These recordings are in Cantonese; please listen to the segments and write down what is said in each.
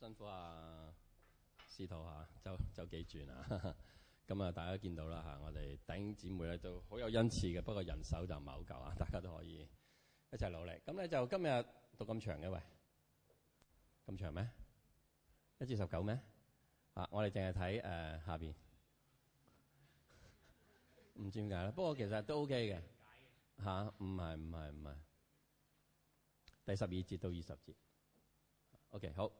辛苦啊，司徒啊，走走幾轉啊！咁啊，大家見到啦嚇，我哋頂姊妹咧都好有恩賜嘅，不過人手就唔係好夠啊！大家都可以一齊努力。咁咧就今日讀咁長嘅喂，咁長咩？一至十九咩？啊，我哋淨係睇誒下邊，唔知點解咧？不過其實都 OK 嘅嚇，唔係唔係唔係，第十二節到二十節，OK 好。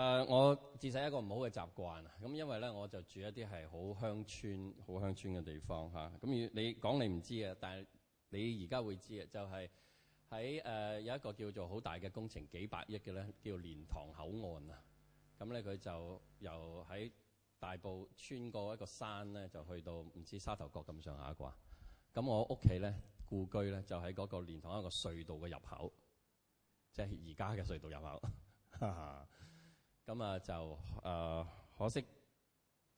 誒，uh, 我自細一個唔好嘅習慣啊，咁因為咧，我就住一啲係好鄉村、好鄉村嘅地方嚇。咁、啊、你講你唔知嘅，但係你而家會知嘅，就係喺誒有一個叫做好大嘅工程，幾百億嘅咧，叫蓮塘口岸啊。咁咧佢就由喺大埔穿過一個山咧，就去到唔知沙頭角咁上下啩。咁我屋企咧故居咧就喺嗰個蓮塘一個隧道嘅入口，即係而家嘅隧道入口。 咁啊，就、呃、可惜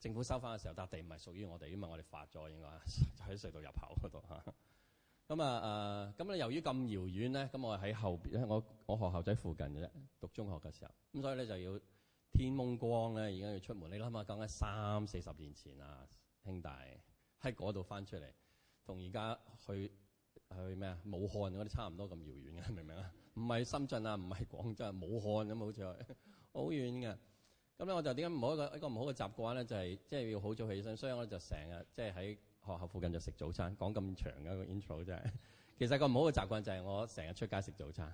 政府收翻嘅時候，笪地唔係屬於我哋，因為我哋發咗應該喺隧道入口嗰度嚇。咁啊，誒，咁咧由於咁遙遠咧，咁我係喺後邊，我我學校仔附近嘅啫，讀中學嘅時候，咁所以咧就要天蒙光咧，而家要出門。你諗下，講緊三四十年前啊，兄弟喺嗰度翻出嚟，同而家去去咩啊？武漢嗰啲差唔多咁遙遠嘅，明唔明啊？唔係深圳啊，唔係廣州，武漢咁好似。好遠嘅。咁咧，那我就點解唔好一個一個唔好嘅習慣咧？就係即係要好早起身，所以我就成日即係喺學校附近就食早餐。講咁長嘅一個 intro 真係，其實個唔好嘅習慣就係我成日出街食早餐。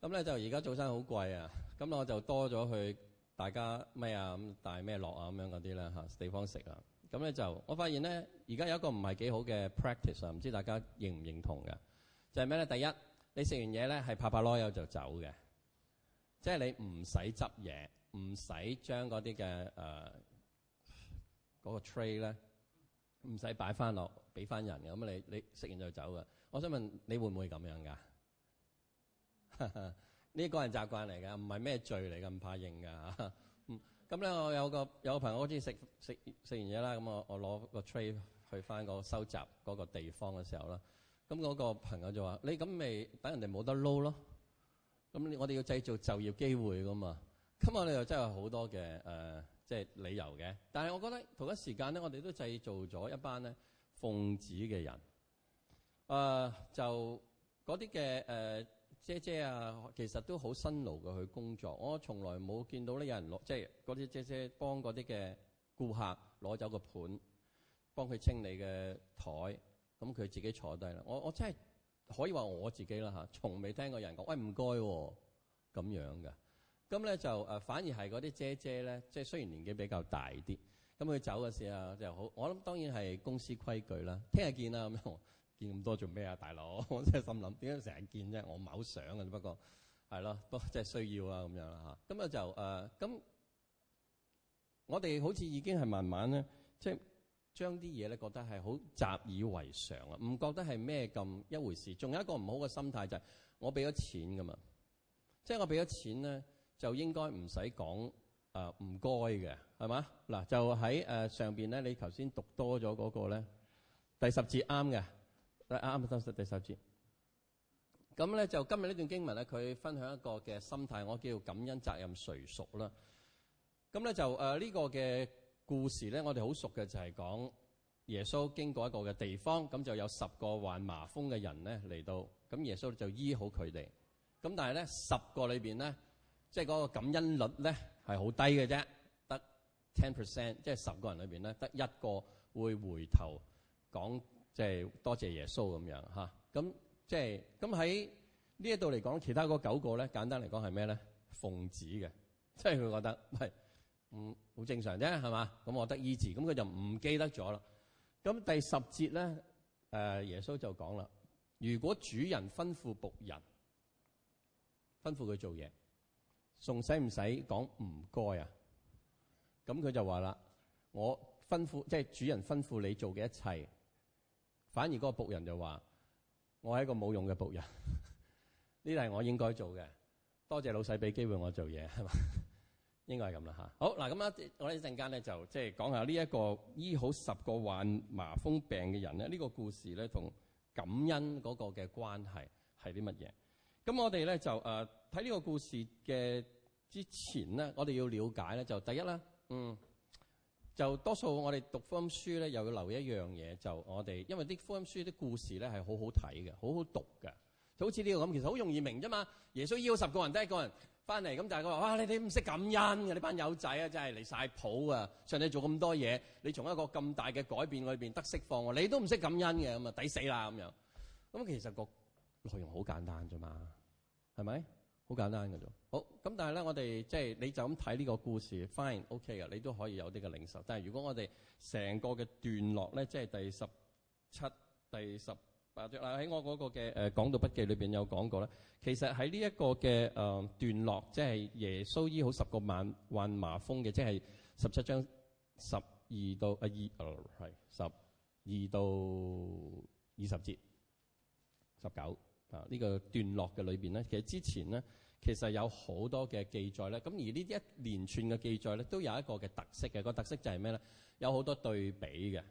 咁 咧就而家早餐好貴啊，咁我就多咗去大家咩啊咁帶咩落啊咁樣嗰啲咧嚇地方食啊。咁咧就我發現咧，而家有一個唔係幾好嘅 practice 啊，唔知大家認唔認同嘅就係咩咧？第一你食完嘢咧係拍拍囉柚就走嘅。即係你唔使執嘢，唔使將嗰啲嘅誒嗰個 tray 咧，唔使擺翻落俾翻人嘅。咁你你食完就走嘅。我想問你會唔會咁樣㗎？呢個係習慣嚟㗎，唔係咩罪嚟㗎，唔怕認㗎嚇。嗯， 咁咧我有個有個朋友好似食食食完嘢啦，咁我我攞個 tray 去翻個收集嗰個地方嘅時候啦，咁嗰個朋友就話：你咁咪等人哋冇得撈咯。咁我哋要製造就業機會噶嘛？咁我哋又真係好多嘅誒，呃，即係理由嘅。但係我覺得同一時間咧，我哋都製造咗一班咧奉旨嘅人。誒，呃，就嗰啲嘅誒姐姐啊，其實都好辛勞嘅去工作。我從來冇見到呢有人落，即係嗰啲姐姐幫嗰啲嘅顧客攞走個盤，幫佢清理嘅台，咁佢自己坐低啦。我我真係～可以話我自己啦嚇，從未聽過人講喂，唔該咁樣嘅。咁咧就誒，反而係嗰啲姐姐咧，即係雖然年紀比較大啲，咁佢走嘅時候就好。我諗當然係公司規矩啦，聽日見啦咁樣，見咁多做咩啊，大佬？我真係心諗點解成日見啫？我唔係好想嘅，不過係咯，不過即係需要啊咁樣啦嚇。咁啊就誒，咁、呃、我哋好似已經係慢慢咧，即係。將啲嘢咧覺得係好習以為常啊，唔覺得係咩咁一回事。仲有一個唔好嘅心態就係我俾咗錢㗎嘛，即係我俾咗錢咧，就應該唔使講唔該嘅，係、呃、嘛？嗱，就喺、呃、上面咧，你頭先讀多咗嗰個咧，第十節啱嘅，啱啱第十第十節。咁、嗯、咧就今日呢段經文咧，佢分享一個嘅心態，我叫感恩責任誰屬啦。咁、嗯、咧就呢、呃這個嘅。故事咧，我哋好熟嘅就係講耶穌經過一個嘅地方，咁就有十個患麻風嘅人咧嚟到，咁耶穌就醫好佢哋。咁但係咧，十個裏面咧，即係嗰個感恩率咧係好低嘅啫，得 ten percent，即係十個人裏面咧得一個會回頭講即係多謝耶穌咁樣吓。咁即係咁喺呢一度嚟講，其他嗰九個咧，簡單嚟講係咩咧？奉旨嘅，即係佢覺得嗯，好正常啫，係嘛？咁我得醫治，咁佢就唔記得咗啦。咁第十節咧，誒、呃，耶穌就講啦：，如果主人吩咐僕人，吩咐佢做嘢，仲使唔使講唔該啊？咁佢就話啦：，我吩咐，即係主人吩咐你做嘅一切，反而嗰個僕人就話：，我係一個冇用嘅僕人，呢啲係我應該做嘅，多謝老細俾機會我做嘢，係嘛？應該係咁啦吓，好嗱，咁咧，我哋一陣間咧就即係講下呢一個醫好十個患麻風病嘅人咧，呢個故事咧同感恩嗰個嘅關係係啲乜嘢？咁我哋咧就誒睇呢個故事嘅之前咧，我哋要了解咧就第一啦，嗯，就多數我哋讀福音書咧又要留意一樣嘢，就我哋因為啲福音書啲故事咧係好好睇嘅，好好讀嘅。就好似呢個咁，其實好容易明啫嘛。耶穌醫好十個人得一個人。翻嚟咁，但係佢話：哇！你哋唔識感恩嘅，呢班友仔啊，真係嚟曬譜啊！上帝做咁多嘢，你從一個咁大嘅改變裏面得釋放，你都唔識感恩嘅，咁啊抵死啦咁樣。咁其實個內容好簡單啫嘛，係咪？好簡單㗎啫。好咁，但係咧，我哋即係你就咁睇呢個故事，fine，ok 嘅，你都可以有啲嘅領受。但係如果我哋成個嘅段落咧，即係第十七、第十。嗱，喺我嗰個嘅誒講道筆記裏邊有講過咧，其實喺呢一個嘅誒段落，即係耶穌醫好十個盲患麻風嘅，即係十七章十二到啊二，係十二到二十節十九啊呢個段落嘅裏邊咧，其實之前咧其實有好多嘅記載咧，咁而呢一連串嘅記載咧，都有一個嘅特色嘅，個特色就係咩咧？有好多對比嘅。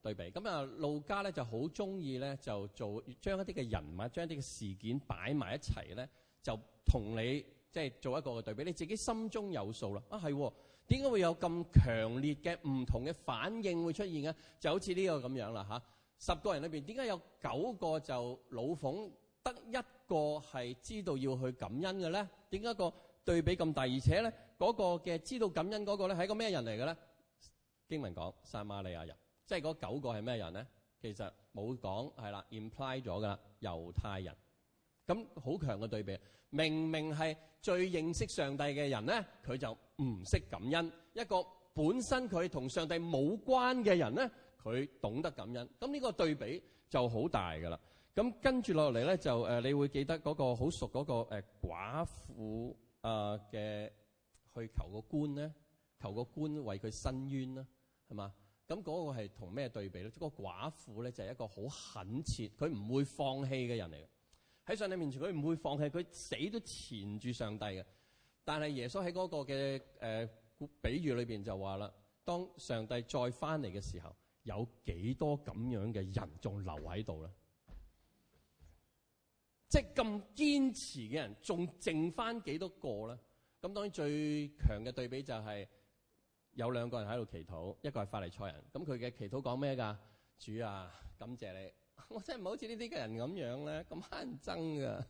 對比咁啊，路加咧就好中意咧，就做將一啲嘅人物，將一啲嘅事件擺埋一齊咧，就同你即係、就是、做一個嘅對比。你自己心中有數啦。啊，係點解會有咁強烈嘅唔同嘅反應會出現嘅？就好似呢個咁樣啦吓、啊，十個人裏面點解有九個就老鳳，得一個係知道要去感恩嘅咧？點解個對比咁大？而且咧，嗰個嘅知道感恩嗰個咧，係一個咩人嚟嘅咧？經文講，撒瑪利亞人。即係嗰九個係咩人咧？其實冇講係啦，implied 咗㗎啦，猶太人。咁好強嘅對比，明明係最認識上帝嘅人咧，佢就唔識感恩；一個本身佢同上帝冇關嘅人咧，佢懂得感恩。咁呢個對比就好大㗎啦。咁跟住落嚟咧，就誒，你會記得嗰個好熟嗰個寡婦啊嘅，呃，去求個官咧，求個官為佢申冤啦，係嘛？咁嗰個係同咩對比咧？嗰個寡婦咧就係一個好懇切，佢唔會放棄嘅人嚟嘅。喺上帝面前，佢唔會放棄，佢死都纏住上帝嘅。但係耶穌喺嗰個嘅誒、呃、比喻裏邊就話啦：當上帝再返嚟嘅時候，有幾多咁樣嘅人仲留喺度咧？即係咁堅持嘅人，仲剩返幾多個咧？咁當然最強嘅對比就係、是。有兩個人喺度祈禱，一個係法利賽人，咁佢嘅祈禱講咩㗎？主啊，感謝你，我真係唔好似呢啲嘅人咁樣咧，咁乞人憎㗎，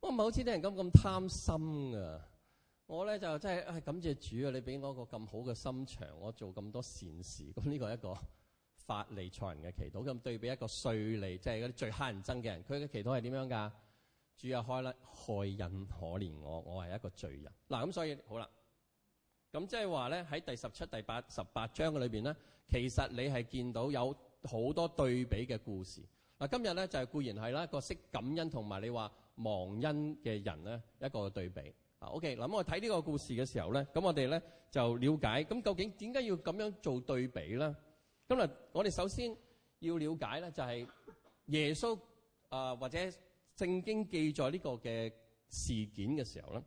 我唔係好似啲人咁咁貪心㗎。我咧就真係、哎，感謝主啊，你俾我一個咁好嘅心腸，我做咁多善事。咁呢個係一個法利賽人嘅祈禱，咁對比一個稅吏，即係嗰啲最乞人憎嘅人，佢嘅祈禱係點樣㗎？主啊，開恩害人，可憐我，我係一個罪人。嗱，咁所以好啦。咁即係話咧，喺第十七、第八、十八章嘅裏邊咧，其實你係見到有好多對比嘅故事。嗱，今日咧就係固然係啦，個識感恩同埋你話忘恩嘅人咧一個對比。啊，OK，嗱咁我睇呢個故事嘅時候咧，咁我哋咧就了解咁究竟點解要咁樣做對比咧？今日我哋首先要了解咧，就係耶穌啊或者聖經記載呢個嘅事件嘅時候咧。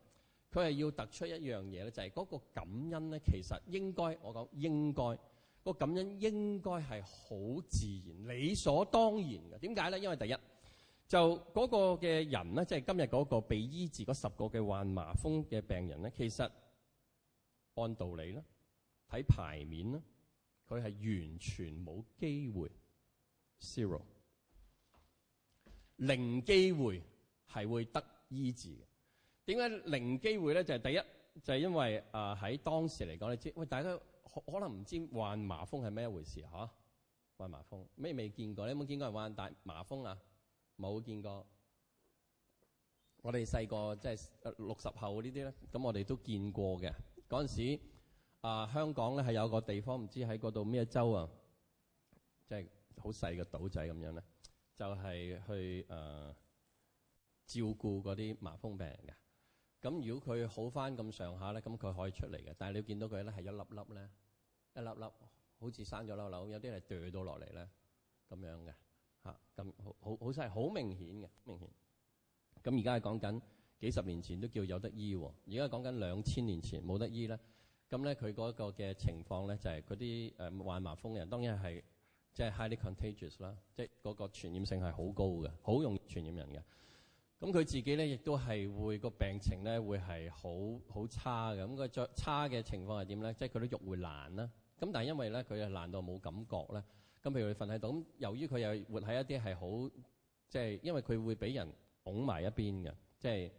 佢係要突出一樣嘢咧，就係、是、嗰個感恩咧。其實應該，我講應該、嗰個感恩應該係好自然、理所當然嘅。點解咧？因為第一就嗰個嘅人咧，即、就、係、是、今日嗰個被醫治嗰十個嘅患麻風嘅病人咧，其實按道理咧，睇牌面咧，佢係完全冇機會，zero 零機會係會得醫治嘅。.點解零機會咧？就係、是、第一，就係、是、因為啊，喺、呃、當時嚟講，你知喂，大家可能唔知患麻風係咩一回事嚇、啊？患麻風咩未見過？你有冇見過人患大麻風啊？冇見過。我哋細個即係六十後這些呢啲咧，咁我哋都見過嘅。嗰陣時啊、呃，香港咧係有個地方唔知喺嗰度咩州啊，即係好細嘅島仔咁樣咧，就係、是、去誒、呃、照顧嗰啲麻風病人嘅。咁如果佢好翻咁上下咧，咁佢可以出嚟嘅。但係你要見到佢咧係一粒粒咧，一粒粒好似生咗粒瘤，有啲係掉到落嚟咧，咁樣嘅嚇，咁好好好犀，好明顯嘅，明顯。咁而家係講緊幾十年前都叫有得醫，而家講緊兩千年前冇得醫啦。咁咧佢嗰個嘅情況咧就係嗰啲誒患麻風人，當然係即係、就是、highly contagious 啦，即係嗰個傳染性係好高嘅，好容易傳染人嘅。咁佢自己咧，亦都係會個病情咧，會係好好差嘅。咁個差嘅情況係點咧？即係佢啲肉會爛啦。咁但係因為咧，佢係爛到冇感覺咧。咁譬如你瞓喺度，咁由於佢又活喺一啲係好，即係因為佢會俾人拱埋一邊嘅，即係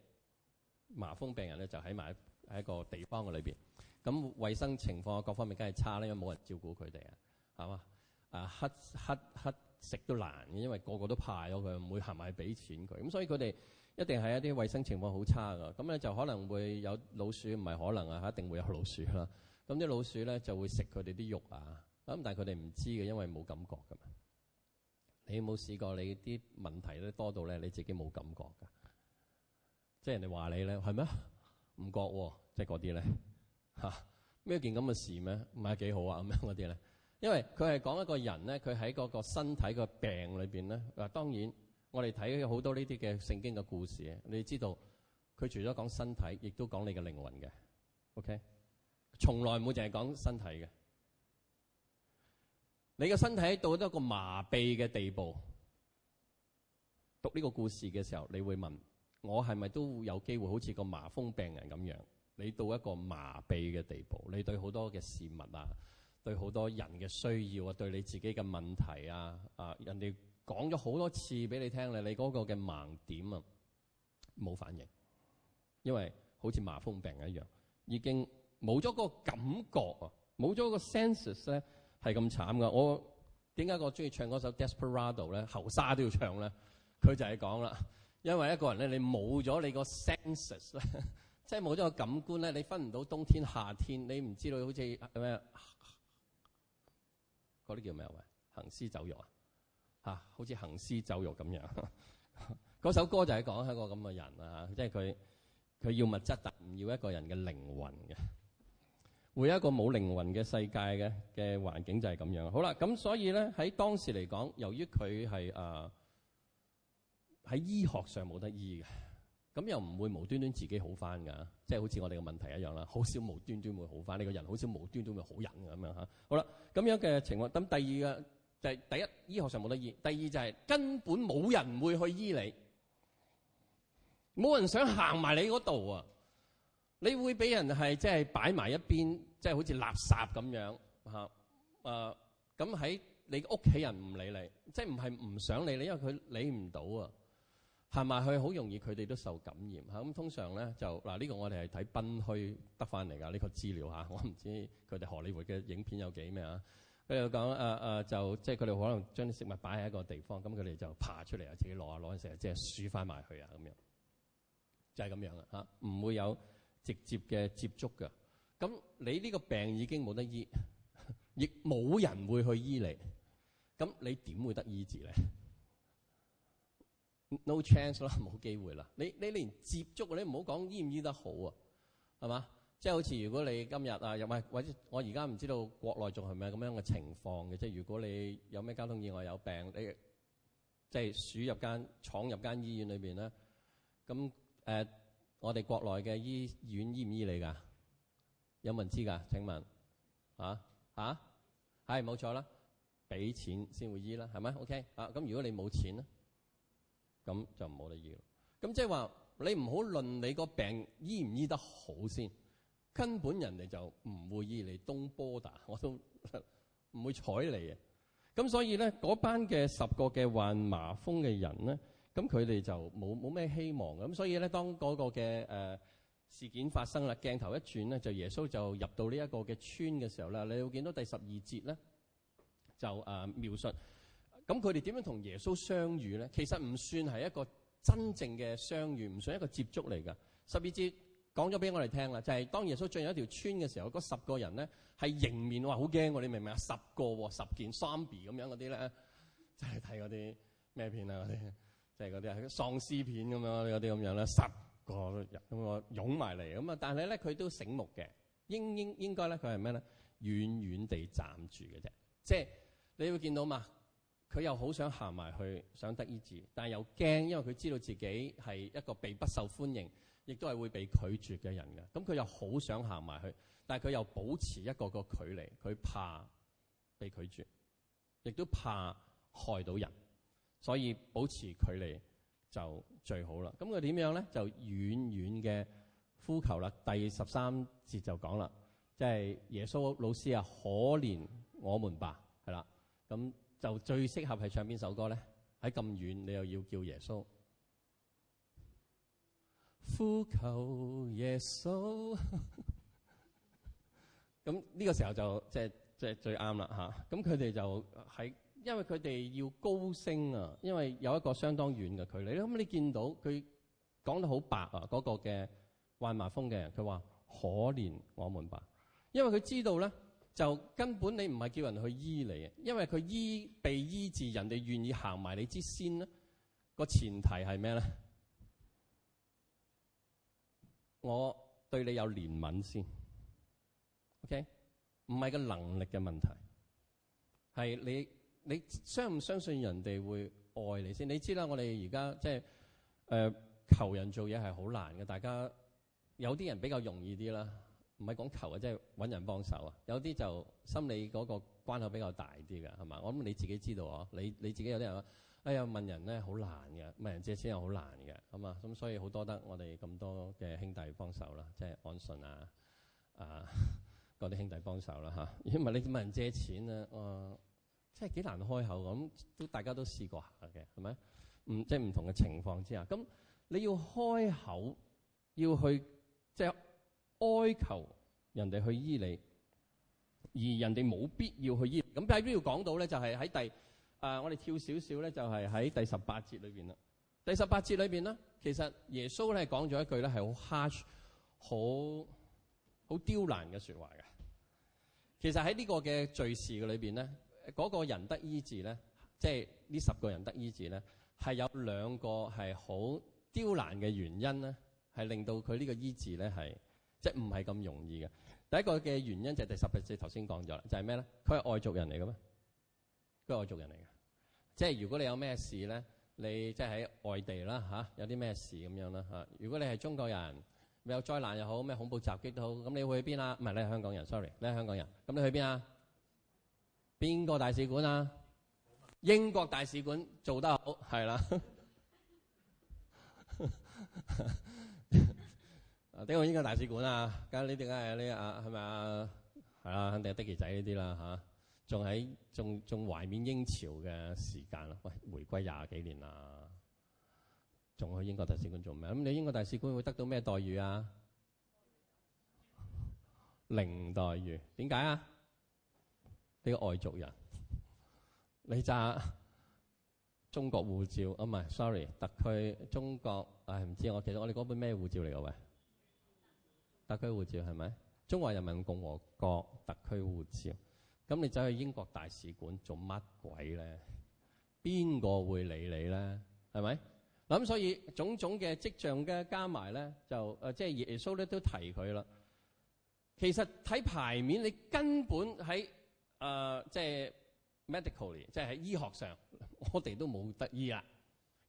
麻風病人咧就喺埋喺一個地方嘅裏邊。咁衞生情況各方面梗係差啦，因為冇人照顧佢哋啊，係嘛？啊，黑黑黑。食都難嘅，因為個個都派咗佢，唔會行埋去俾錢佢。咁所以佢哋一定係一啲衞生情況好差噶。咁咧就可能會有老鼠，唔係可能啊，一定會有老鼠啦。咁啲老鼠咧就會食佢哋啲肉啊。咁但係佢哋唔知嘅，因為冇感覺噶嘛。你有冇試過你啲問題咧多到咧你自己冇感覺㗎？即係人哋話你咧係咩？唔覺喎，即係嗰啲咧吓？咩、啊、件咁嘅事咩？唔係幾好啊咁樣嗰啲咧。因為佢係講一個人咧，佢喺嗰個身體個病裏邊咧，嗱當然我哋睇好多呢啲嘅聖經嘅故事，你知道佢除咗講身體，亦都講你嘅靈魂嘅，OK？從來冇淨係講身體嘅。你嘅身體到咗一個麻痹嘅地步，讀呢個故事嘅時候，你會問：我係咪都有機會好似個麻風病人咁樣？你到一個麻痹嘅地步，你對好多嘅事物啊。對好多人嘅需要啊，對你自己嘅問題啊，啊人哋講咗好多次俾你聽咧，你嗰個嘅盲點啊，冇反應，因為好似麻風病一樣，已經冇咗嗰個感覺啊，冇咗個 senses 咧，係咁慘㗎。我點解我中意唱嗰首 Des 呢《Desperado》咧，後沙都要唱咧？佢就係講啦，因為一個人咧，你冇咗你個 senses 咧， 即係冇咗個感官咧，你分唔到冬天夏天，你唔知道好似咩。嗰啲叫咩、哎、行屍走肉啊！好似行屍走肉咁樣。嗰首歌就係講一個咁嘅人啊，即係佢佢要物質，但唔要一個人嘅靈魂嘅，會有一個冇靈魂嘅世界嘅嘅環境就係咁樣。好啦，咁所以咧喺當時嚟講，由於佢係誒喺醫學上冇得醫嘅。咁又唔會無端端自己好翻㗎，即係好似我哋個問題一樣啦。好少無端端會好翻，呢個人好少無端端會好人咁樣嚇。好啦，咁樣嘅情況，咁第二嘅就係、第一，醫學上冇得醫；第二就係根本冇人會去醫你，冇人想行埋你嗰度啊！你會俾人係即係擺埋一邊，即係好似垃圾咁樣嚇。咁喺你屋企人唔理你，即係唔係唔想理你，因為佢理唔到啊。行埋去好容易，佢哋都受感染嚇。咁通常咧就嗱，呢、這個我哋係睇賓虛得翻嚟噶呢個資料吓，我唔知佢哋荷里活嘅影片有幾咩啊？佢哋講誒誒，就即係佢哋可能將啲食物擺喺一個地方，咁佢哋就爬出嚟啊，自己攞啊攞成日，即係輸翻埋去啊咁樣就係、是、咁樣啦吓，唔會有直接嘅接觸噶。咁你呢個病已經冇得醫，亦冇人會去醫你，咁你點會得醫治咧？no Chance 啦，冇機會啦。你你連接觸你唔好講醫唔醫得好啊，係嘛？即係好似如果你今日啊，又喂或者我而家唔知道國內仲係咪咁樣嘅情況嘅，即係如果你有咩交通意外有病，你即係鼠入間闖入間醫院裏邊咧，咁誒、呃，我哋國內嘅醫院醫唔醫你㗎？有冇人知㗎？請問吓？吓、啊？係、啊、冇、哎、錯啦，俾錢先會醫啦，係咪？OK 啊，咁如果你冇錢咧？咁就冇得醫。咁即係話，你唔好論你個病醫唔醫得好先，根本人哋就唔會醫你。東波打我都唔 會睬你嘅。咁所以咧，嗰班嘅十個嘅患麻風嘅人咧，咁佢哋就冇冇咩希望。咁所以咧，當嗰個嘅、呃、事件發生啦，鏡頭一轉咧，就耶穌就入到呢一個嘅村嘅時候啦，你會見到第十二節咧，就誒、呃、描述。咁佢哋點樣同耶穌相遇咧？其實唔算係一個真正嘅相遇，唔算一個接觸嚟㗎。十二節講咗俾我哋聽啦，就係、是、當耶穌進入一條村嘅時候，嗰十個人咧係迎面，哇好驚喎！你明唔明啊？十個喎，十件三 b 咁樣嗰啲咧，就係睇嗰啲咩片啊？嗰啲即係嗰啲喪屍片咁樣嗰啲咁樣咧，十個人咁啊湧埋嚟咁啊！但係咧佢都醒目嘅，應應應該咧佢係咩咧？遠遠地站住嘅啫，即係你會見到嘛？佢又好想行埋去，想得醫治，但又驚，因為佢知道自己係一個被不受歡迎，亦都係會被拒絕嘅人嘅。咁佢又好想行埋去，但係佢又保持一個個距離，佢怕被拒絕，亦都怕害到人，所以保持距離就最好啦。咁佢點樣咧？就遠遠嘅呼求啦。第十三節就講啦，即係耶穌老師啊，可憐我們吧，係啦咁。就最適合係唱邊首歌咧？喺咁遠，你又要叫耶穌呼求耶穌，咁呢個時候就即係即係最啱啦嚇。咁佢哋就喺、是，因為佢哋要高聲啊，因為有一個相當遠嘅距離。咁你見到佢講得好白啊，嗰、那個嘅患麻風嘅人，佢話可憐我們吧，因為佢知道咧。就根本你唔係叫人去醫你啊，因為佢醫被醫治，人哋願意行埋你之先，個前提係咩咧？我對你有憐憫先，OK？唔係個能力嘅問題，係你你相唔相信人哋會愛你先？你知啦，我哋而家即係誒求人做嘢係好難嘅，大家有啲人比較容易啲啦。唔係講求啊，即係揾人幫手啊。有啲就心理嗰個關口比較大啲嘅，係嘛？我諗你自己知道啊。你你自己有啲人話：哎呀，問人咧好難嘅，問人借錢又好難嘅，咁啊。咁所以好多得我哋咁多嘅兄弟幫手啦，即係安順啊、啊嗰啲兄弟幫手啦嚇。因為你問人借錢啊，誒，即係幾難開口。咁都大家都試過下嘅，係咪？唔即係唔同嘅情況之下，咁你要開口要去即係。哀求人哋去醫你，而人哋冇必要去醫。咁喺呢度講到咧，就係喺第誒，我哋跳少少咧，就係喺第十八節裏邊啦。第十八節裏邊咧，其實耶穌咧講咗一句咧，係好 harsh，好好刁難嘅說話嘅。其實喺呢個嘅敘事嘅裏邊咧，嗰、那個人得醫治咧，即係呢十個人得醫治咧，係有兩個係好刁難嘅原因咧，係令到佢呢個醫治咧係。即唔係咁容易嘅。第一個嘅原因就係第十頁就頭先講咗啦，就係咩咧？佢係外族人嚟嘅咩？佢係外族人嚟嘅，即係如果你有咩事咧，你即係喺外地啦嚇、啊，有啲咩事咁樣啦嚇、啊。如果你係中國人，你有災難又好，咩恐怖襲擊都好，咁你會去邊啊？唔係你係香港人，sorry，你係香港人，咁你，你去邊啊？邊個大使館啊？英國大使館做得好，係啦。 啊！點解去英國大使館啊？梗住呢啲，跟住呢啊，係咪啊？係啦，肯定係的士仔呢啲啦嚇，仲喺仲仲懷念英朝嘅時間咯、啊。喂，回歸廿幾年啦，仲去英國大使館做咩？咁你英國大使館會得到咩待遇啊？零待遇，點解啊？呢個外族人，你揸中國護照啊？唔係，sorry，特區中國唉，唔、哎、知我其實我哋嗰本咩護照嚟嘅喂？特區護照係咪？中華人民共和國特區護照，咁你走去英國大使館做乜鬼咧？邊個會理你咧？係咪？咁所以種種嘅跡象嘅加埋咧，就誒即係耶穌咧都提佢啦。其實睇牌面，你根本喺誒即係 medical，即係喺醫學上，我哋都冇得醫啊。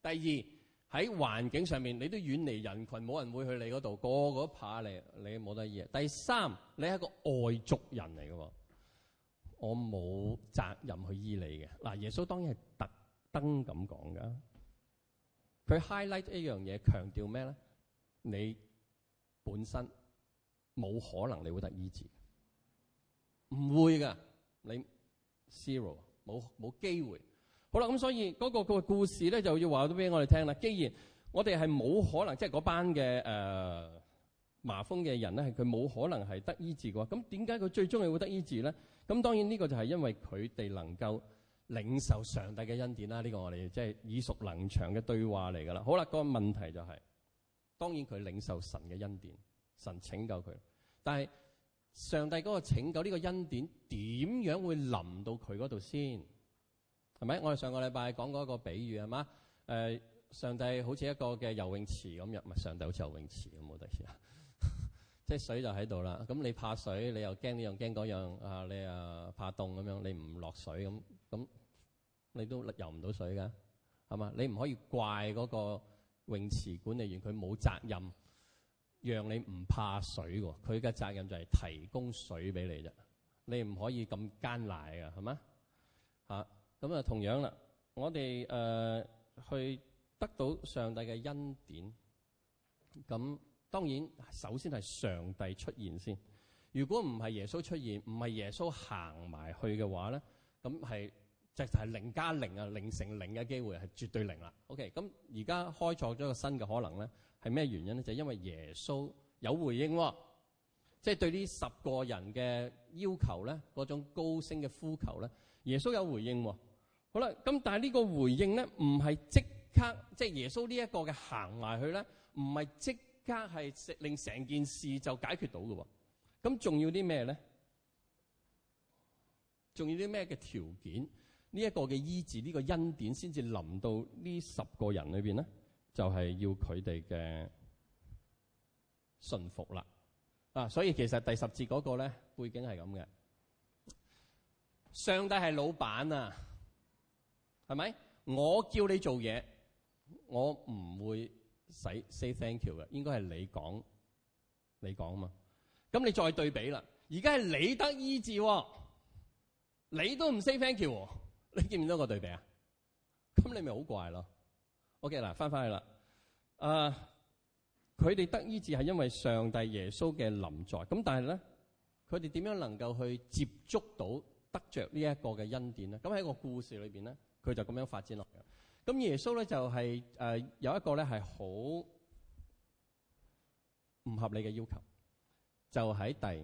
第二。喺環境上面，你都遠離人群，冇人會去你嗰度，個個都怕你，你冇得醫啊！第三，你係個外族人嚟嘅，我冇責任去醫你嘅。嗱，耶穌當然係特登咁講噶，佢 highlight 一樣嘢，強調咩咧？你本身冇可能你會得醫治，唔會嘅，你 zero 冇冇機會。好啦，咁所以嗰個個故事咧就要話到俾我哋聽啦。既然我哋係冇可能，即係嗰班嘅誒、呃、麻風嘅人咧，係佢冇可能係得醫治嘅話，咁點解佢最終係會得醫治咧？咁當然呢個就係因為佢哋能夠領受上帝嘅恩典啦。呢、呢個我哋即係耳熟能詳嘅對話嚟噶啦。好啦，嗰個問題就係、是，當然佢領受神嘅恩典，神拯救佢，但係上帝嗰個拯救呢個恩典點樣會臨到佢嗰度先？係咪？我哋上個禮拜講過一個比喻係嗎？誒、呃，上帝好似一個嘅游泳池咁樣，咪上帝好似游泳池咁，我哋先啊，即係水就喺度啦。咁你怕水，你又驚呢樣驚嗰樣啊，你啊怕凍咁樣，你唔落水咁，咁你都游唔到水㗎，係嘛？你唔可以怪嗰個泳池管理員佢冇責任，讓你唔怕水喎。佢嘅責任就係提供水俾你啫。你唔可以咁艱難㗎，係嗎？嚇、啊？咁啊，就同樣啦，我哋誒、呃、去得到上帝嘅恩典。咁當然首先係上帝出現先。如果唔係耶穌出現，唔係耶穌行埋去嘅話咧，咁係就係零加零啊，零乘零嘅機會係絕對零啦。OK，咁而家開創咗個新嘅可能咧，係咩原因咧？就是、因為耶穌有回應喎、哦，即、就、係、是、對呢十個人嘅要求咧，嗰種高聲嘅呼求咧，耶穌有回應喎、哦。好啦，咁但係呢個回應咧，唔係即刻即係、就是、耶穌呢一個嘅行埋去咧，唔係即刻係令成件事就解決到嘅。咁仲要啲咩咧？仲要啲咩嘅條件？呢、這、一個嘅醫治呢、這個恩典先至臨到呢十個人裏邊咧，就係、是、要佢哋嘅信服啦。啊，所以其實第十節嗰個咧背景係咁嘅，上帝係老闆啊！係咪？我叫你做嘢，我唔會使 say thank you 嘅，應該係你講你講啊嘛。咁你再對比啦，而家係你得醫治哦，你都唔 say thank you 哦，你見唔見到個對比啊？咁你咪好怪咯。OK 嗱，翻翻去啦。佢哋得醫治係因為上帝耶穌嘅臨在，咁但係咧，佢哋點樣能夠去接觸到得着呢一個嘅恩典咧？咁喺個故事裏邊咧？佢就咁樣發展落嚟，咁耶穌咧就係、是、誒、呃、有一個咧係好唔合理嘅要求，就喺第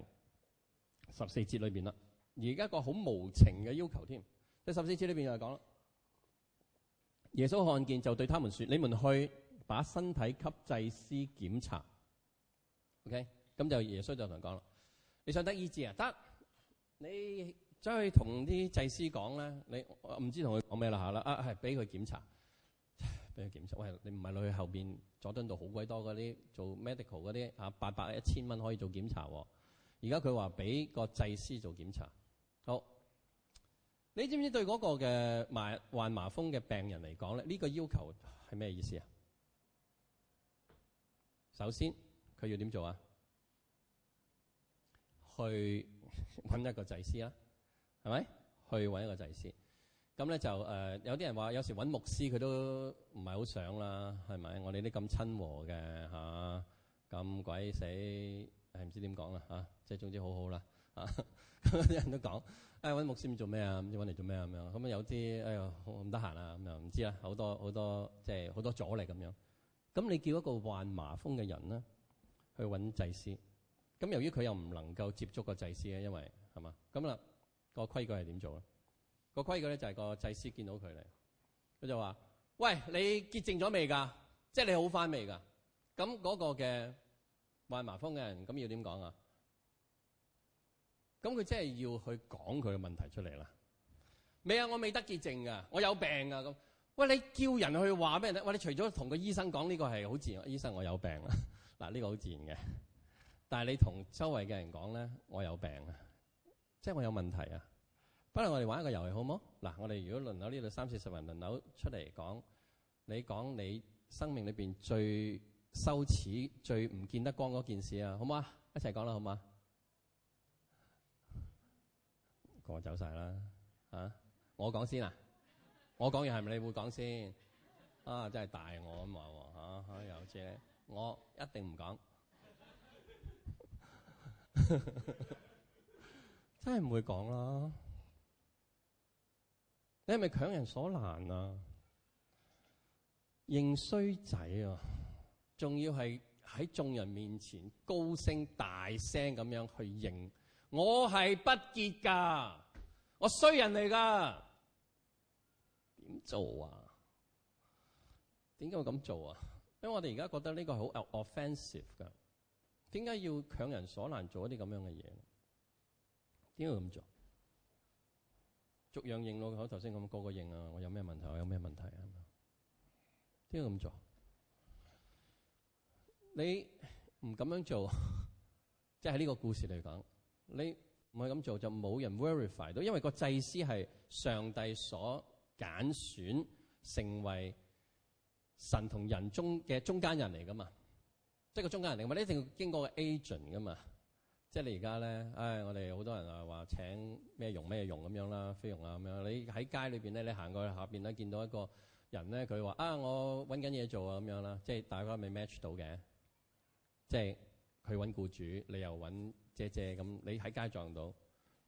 十四節裏邊啦。而家個好無情嘅要求添，第十四節裏邊就又講啦，耶穌看見就對他們説：你們去把身體給祭司檢查。OK，咁就耶穌就同佢講啦，你想得醫治啊？得你。走去同啲祭司講咧，你唔知同佢講咩啦吓啦，啊係俾佢檢查，俾佢檢查，喂，你唔係去後邊佐敦道好鬼多嗰啲做 medical 嗰啲啊，八百一千蚊可以做檢查，而家佢話俾個祭司做檢查。好，你知唔知對嗰個嘅麻患麻風嘅病人嚟講咧，呢個要求係咩意思啊？首先，佢要點做啊？去揾一個祭司啦。係咪？去揾一個祭司，咁咧就誒、呃、有啲人話，有時揾牧師佢都唔係好想啦，係咪？我哋啲咁親和嘅嚇，咁、啊、鬼死誒唔知點講、啊、啦嚇、啊啊哎哎，即係總之好好啦嚇，咁啲人都講誒揾牧師做咩啊？唔知揾嚟做咩咁樣，咁啊有啲哎呀唔得閒啦，咁啊唔知啦，好多好多即係好多阻力咁樣。咁你叫一個患麻風嘅人咧去揾祭司，咁由於佢又唔能夠接觸個祭司咧，因為係嘛咁啦。是個規矩係點做咧？個規矩咧就係個祭司見到佢嚟，佢就話，喂，你潔淨咗未㗎？即係你好翻未㗎？咁嗰個嘅患麻風嘅人，咁要點講啊？咁佢真係要去講佢嘅問題出嚟啦。未啊，我未得潔淨㗎，我有病㗎咁。喂，你叫人去話俾人聽，喂，你除咗同個醫生講呢個係好自然，醫生我有病呀。嗱，呢個好自然嘅，但係你同周圍嘅人講咧，我有病啊。即係我有問題啊！不如我哋玩一個遊戲好唔好？嗱，我哋如果輪流呢度三四十人輪流出嚟講，你講你生命裏面最羞恥、最唔見得光嗰件事啊，好唔好嗎啊？一齊講啦，好嘛？我走晒啦我講先啊！我講完係咪你會講先？啊，真係大我啊嘛。有嚇呢，有我一定唔講。真係唔會講啦！你係咪強人所難啊？認衰仔啊，仲要係喺眾人面前高聲大聲咁樣去認，我係不結噶，我衰人嚟噶，點做啊？點解會咁做啊？因為我哋而家覺得呢個係好 offensive 噶，點解要強人所難做一啲咁樣嘅嘢？點解咁做？逐樣認咯，頭先咁個個認啊！我有咩問題？我有咩問題啊？點解咁做？你唔咁樣做，即係呢個故事嚟講，你唔係咁做就冇人 verify 到，因為個祭司係上帝所揀選成為神同人中嘅中間人嚟噶嘛，即係個中間人嚟嘛，你一定要經過個 agent 噶嘛。即係你而家咧，唉、哎，我哋好多人啊話請咩用咩用咁樣啦，菲傭啊咁樣。你喺街裏面咧，你行過去下面咧，見到一個人咧，佢話啊，我揾緊嘢做啊咁樣啦。即係大家未 match 到嘅，即係佢揾僱主，你又揾姐姐咁。你喺街撞到，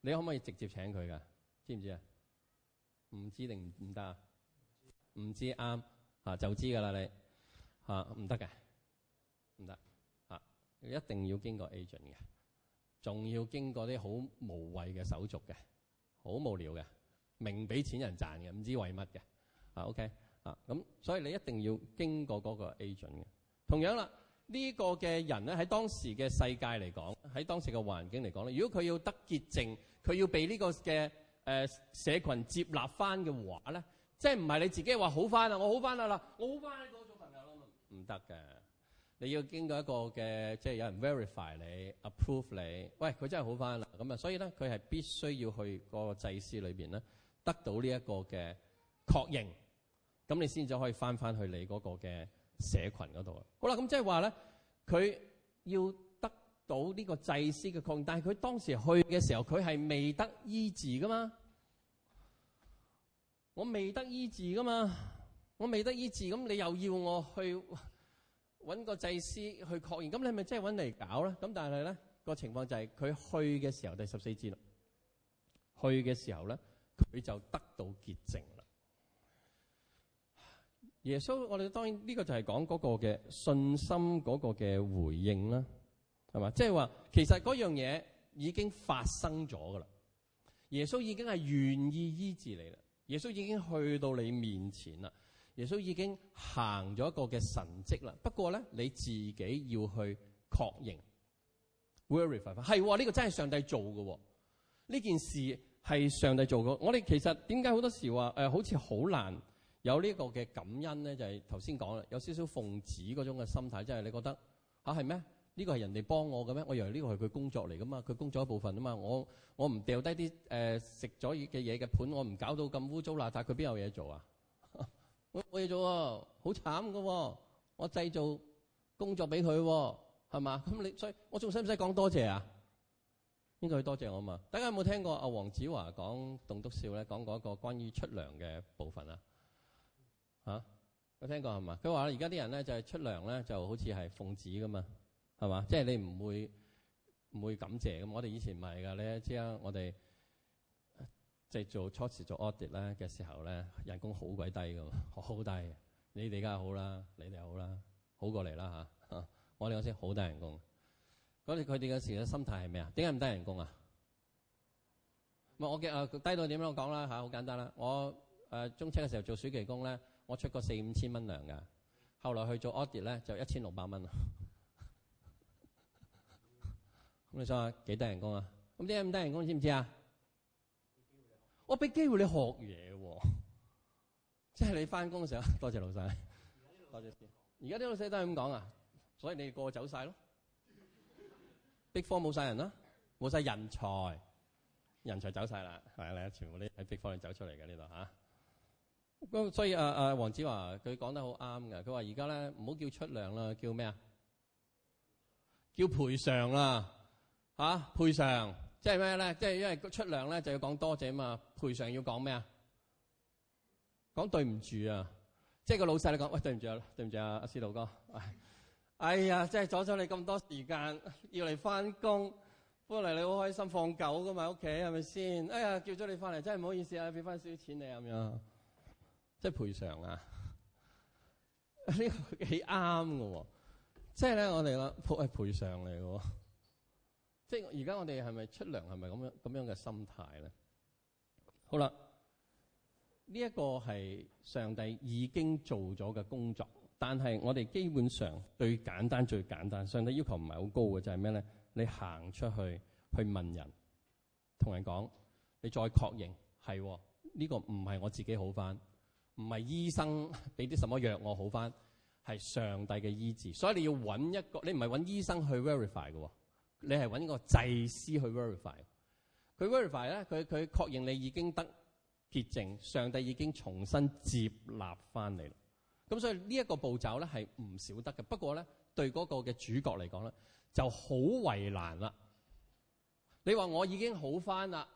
你可唔可以直接請佢噶？知唔知啊？唔知定唔得啊？唔知啱就知噶啦，你唔得嘅唔得嚇，一定要經過 agent 嘅。仲要經過啲好無謂嘅手續嘅，好無聊嘅，明俾錢人賺嘅，唔知為乜嘅，啊 OK 啊，咁所以你一定要經過嗰個 agent 嘅。同樣啦，呢、這個嘅人咧喺當時嘅世界嚟講，喺當時嘅環境嚟講咧，如果佢要得潔淨，佢要被呢個嘅誒社群接納翻嘅話咧，即係唔係你自己話好翻啦？我好翻啦啦，我好翻你嗰組朋友啦，唔得嘅。你要經過一個嘅，即係有人 verify 你、approve 你，喂，佢真係好翻啦。咁啊，所以咧，佢係必須要去嗰個祭司裏邊咧，得到呢一個嘅確認，咁你先至可以翻翻去你嗰個嘅社群嗰度。好啦，咁即係話咧，佢要得到呢個祭司嘅確認，但係佢當時去嘅時候，佢係未得醫治噶嘛，我未得醫治噶嘛，我未得醫治，咁你又要我去？揾個祭司去確認，咁你咪即係揾嚟搞啦。咁但係咧、呢個情況就係、是、佢去嘅時候第十四節啦，去嘅時候咧，佢就得到潔淨啦。耶穌，我哋當然呢、呢個就係講嗰個嘅信心嗰個嘅回應啦，係嘛？即係話其實嗰樣嘢已經發生咗噶啦。耶穌已經係願意醫治你啦，耶穌已經去到你面前啦。耶穌已經行咗一個嘅神蹟啦，不過咧你自己要去確認 verify 呢個真係上帝做嘅喎、哦，呢件事係上帝做嘅。我哋其實點解好多時話誒、呃、好似好難有呢個嘅感恩咧？就係頭先講啦，有少少奉旨嗰種嘅心態，即、就、係、是、你覺得吓，係、啊、咩？呢、這個係人哋幫我嘅咩？我以為呢個係佢工作嚟噶嘛，佢工作一部分啊嘛。我我唔掉低啲誒食咗嘅嘢嘅盤，我唔搞到咁污糟邋遢，佢、呃、邊有嘢做啊？我冇嘢做喎、哦，好慘㗎喎、哦！我製造工作俾佢喎，係嘛？咁你所以，我仲使唔使講多謝啊？應該要多謝我嘛？大家有冇聽過阿黃子華講棟篤笑咧？講過一個關於出糧嘅部分啊？嚇、啊、有聽過係、就是、嘛？佢話而家啲人咧就係出糧咧就好似係奉旨㗎嘛，係嘛？即係你唔會唔會感謝咁？我哋以前唔係㗎咧，你知啊，我哋。即係做初時做 audit 咧嘅時候咧，人工好鬼低噶嘛，好低嘅。你哋梗係好啦，你哋好啦，好過嚟啦嚇。我哋嗰時好低人工，嗰時佢哋嗰時嘅心態係咩啊？點解咁低人工啊？唔係我嘅啊，低到點咧？我講啦嚇，好簡單啦。我誒中秋嘅時候做暑期工咧，我出過四五千蚊糧㗎。後來去做 audit 咧，就一千六百蚊。咁你想下幾低人工啊？咁點解咁低人工知唔知啊？我俾機會你學嘢喎、啊，即係你翻工嘅時候。多謝老細，多謝先，而家啲老細都係咁講啊，所以你哋個個走晒咯，逼方冇晒人啦，冇晒人才，人才走晒啦，係啊， 全部啲喺逼方走出嚟嘅呢度吓，咁、啊、所以啊啊，黃子華佢講得好啱㗎，佢話而家咧唔好叫出糧啦，叫咩啊？叫賠償啊，吓賠償。即係咩咧？即係因為出糧咧就要講多謝嘛，賠償要講咩啊？講對唔住啊！即係個老細你講：喂，對唔住啊，對唔住啊，阿司徒哥。哎呀，即係阻咗你咁多時間，要嚟翻工，不過嚟你好開心放狗噶嘛，屋企係咪先？哎呀，叫咗你翻嚟真係唔好意思啊，俾翻少少錢你咁樣，即係賠償啊？呢 個幾啱噶喎！即係咧，我哋咧，仆係賠償嚟噶喎。即係而家我哋係咪出糧係咪咁樣咁樣嘅心態咧？好啦，呢一個係上帝已經做咗嘅工作，但係我哋基本上最簡單最簡單，上帝要求唔係好高嘅就係咩咧？你行出去去問人，同人講，你再確認係喎，呢個唔係我自己好翻，唔係醫生俾啲什麼藥我好翻，係上帝嘅醫治。所以你要揾一個，你唔係揾醫生去 verify 嘅喎。你係搵個祭司去 verify，佢 verify 咧，佢佢確認你已經得潔淨，上帝已經重新接納翻你。咁所以呢一個步驟咧係唔少得嘅。不過咧，對嗰個嘅主角嚟講咧，就好為難啦。你話我已經好翻啦，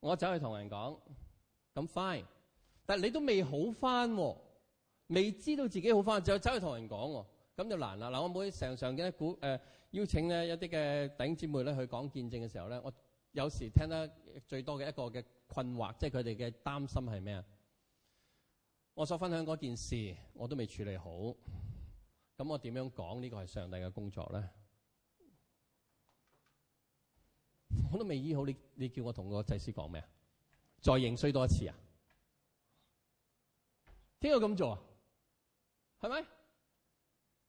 我走去同人講，咁 fine，但你都未好翻喎、哦，未知道自己好翻，就走去同人講喎、哦。咁就難啦！嗱，我每常常邀請咧一啲嘅弟兄姊妹咧去講見證嘅時候咧，我有時聽得最多嘅一個嘅困惑，即係佢哋嘅擔心係咩啊？我所分享嗰件事我都未處理好，咁我點樣講呢個係上帝嘅工作咧？我都未醫好你，你叫我同個祭司講咩啊？再認衰多一次啊？點解咁做啊？係咪？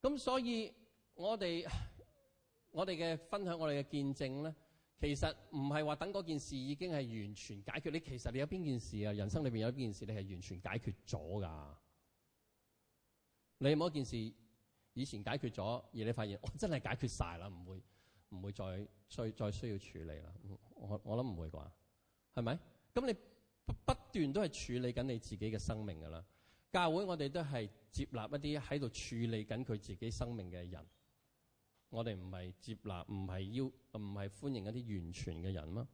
咁所以我們，我哋我哋嘅分享，我哋嘅見證咧，其實唔係話等嗰件事已經係完全解決你。你其實你有邊件事啊？人生裏邊有邊件事你係完全解決咗噶？你有冇一件事以前解決咗，而你發現我真係解決晒啦，唔會，唔會再需再，再需要處理啦？我我諗唔會啩？係咪？咁你不，不斷都係處理緊你自己嘅生命噶啦。教會我哋都係接納一啲喺度處理緊佢自己生命嘅人，我哋唔係接納，唔係要，唔係歡迎一啲完全嘅人嗎？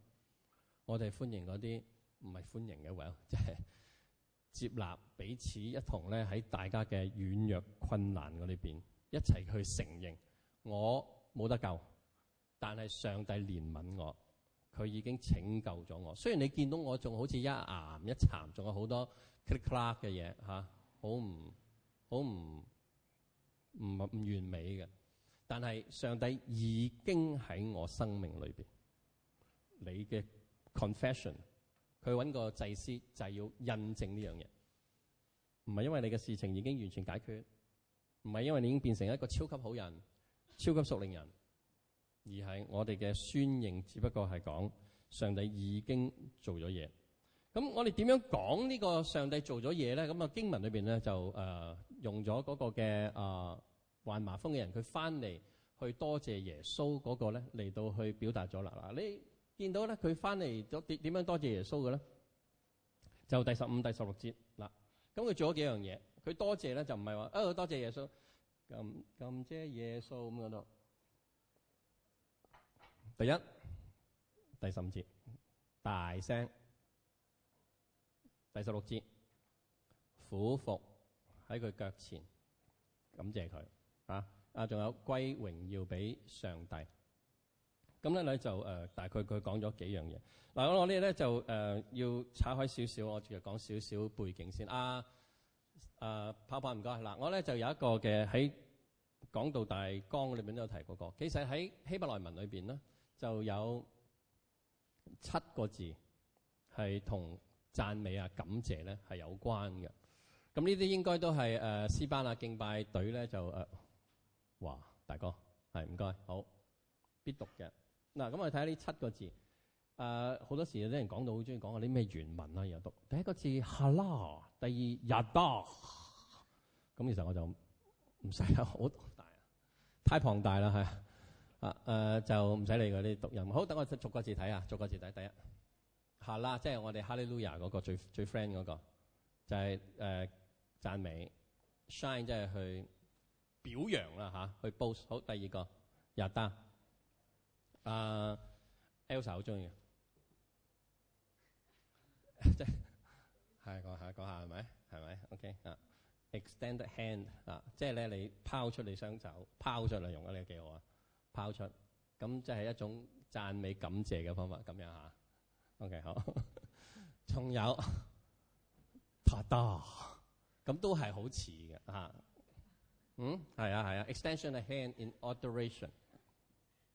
我哋歡迎嗰啲唔係歡迎嘅，well，即係接納彼此一同咧，喺大家嘅軟弱困難嗰裏邊一齊去承認我冇得救，但係上帝憐憫我。佢已經拯救咗我。雖然你見到我仲好似一巖一蠶，仲有好多 click-clack 嘅嘢嚇，好唔好唔唔唔完美嘅，但係上帝已經喺我生命裏邊。你嘅 confession，佢揾個祭司就係要印證呢樣嘢。唔係因為你嘅事情已經完全解決，唔係因為你已經變成一個超級好人、超級屬靈人。而係我哋嘅宣認，只不過係講上帝已經做咗嘢。咁我哋點樣講呢個上帝做咗嘢咧？咁啊經文裏邊咧就誒、呃、用咗嗰個嘅、呃、患麻風嘅人，佢翻嚟去多謝耶穌嗰個咧嚟到去表達咗啦。嗱，你見到咧佢翻嚟咗點點樣多謝耶穌嘅咧？就第十五、第十六節嗱，咁佢做咗幾樣嘢。佢多謝咧就唔係話誒多謝耶穌，咁咁謝耶穌咁嗰度。第一，第十五節大聲；第十六節，俯伏喺佢腳前，感謝佢啊！啊，仲有歸榮耀俾上帝。咁咧咧就誒，大概佢佢講咗幾樣嘢。嗱、啊，我我哋咧就誒、呃，要踩開少少，我就講少少背景先。阿阿跑跑唔該。嗱、啊，我咧就有一個嘅喺講道大綱裏邊都有提嗰個，其實喺希伯來文裏邊咧，就有七個字係同讚美啊、感謝咧係有關嘅。咁呢啲應該都係誒詩班啊、敬拜隊咧就誒話、呃、大哥係唔該好必讀嘅。嗱，咁我哋睇下呢七個字誒，好、呃、多時有啲人講到好中意講嗰啲咩原文啦、啊，有讀第一個字哈拉第二日多，咁其實我就唔使啦，好大太龐大啦，係。啊誒就唔使理嗰啲讀音，好等我逐個字睇啊，逐個字睇。第一下啦，即、啊、係、就是、我哋哈利路亞嗰個最最 friend 嗰、那個，就係、是、誒、啊、讚美 shine，即係去表揚啦嚇、啊，去 boost。好，第二個 Yadah，誒、啊、Elsa 好中意，即係係講下講下係咪？係咪？OK 啊，extend hand 啊，即係咧你拋出你雙手，拋出嚟用你幾好啊！拋出，咁即係一種讚美感謝嘅方法，咁樣嚇。OK，好。仲有，咁都係好似嘅嚇。嗯，係啊係啊。啊、Extension of hand in adoration。